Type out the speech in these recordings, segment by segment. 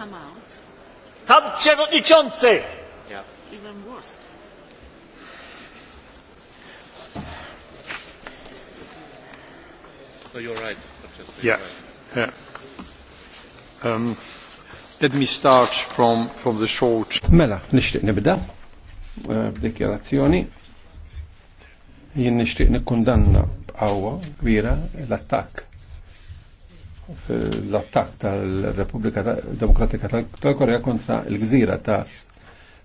come out. Pan przewodniczący! Yeah. Even worse. So you're right. Yeah. yeah. Um, let me start from, from the short. Mela, nishtiq nibda uh, b'dikjarazzjoni. Jien nishtiq nikkundanna b'għawa kbira l-attakk l-attak tal-Repubblika Demokratika tal-Korea kontra l-gżira ta'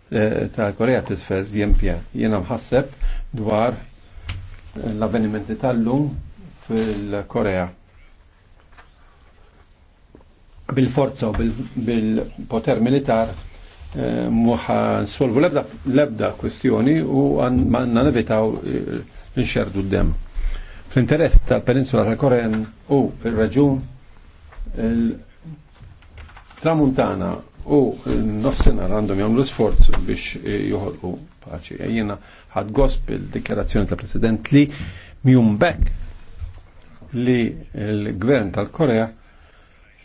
eh, tal-Korea t-sfez jempja. Jena mħasseb dwar l-avvenimenti tal-lum fil-Korea. Bil-forza u bil-poter militar eh, muħa nsolvu lebda kwestjoni u għanna nevitaw l-inxerdu eh, d-dem. Fl-interess tal-peninsula tal-Korea u il-reġun tramuntana u nofsenar għandhom jagħmlu sforz biex joħolqu paċi. E jiena ħad gosp il-dikjarazzjoni tal-President li mjum bekk li l-gvern tal-Korea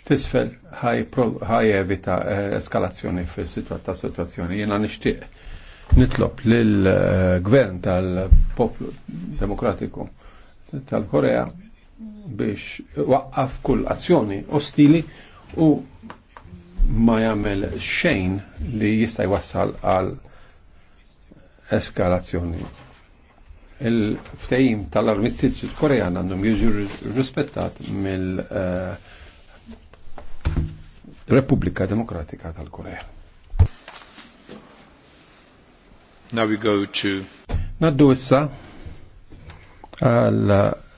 tisfel ħaj evita eh, eskalazzjoni fis-situazzjoni situazzjoni. Jiena nixtieq nitlob lill-gvern eh, tal-Poplu Demokratiku tal-Korea biex waqqaf kull azzjoni ostili u ma jagħmel xejn li jista' jwassal għal eskalazzjoni. Il-ftehim tal-armistizzju korean għandhom jiġu rispettat mill uh, Repubblika Demokratika tal-Korea. Now we go to Naddu issa għal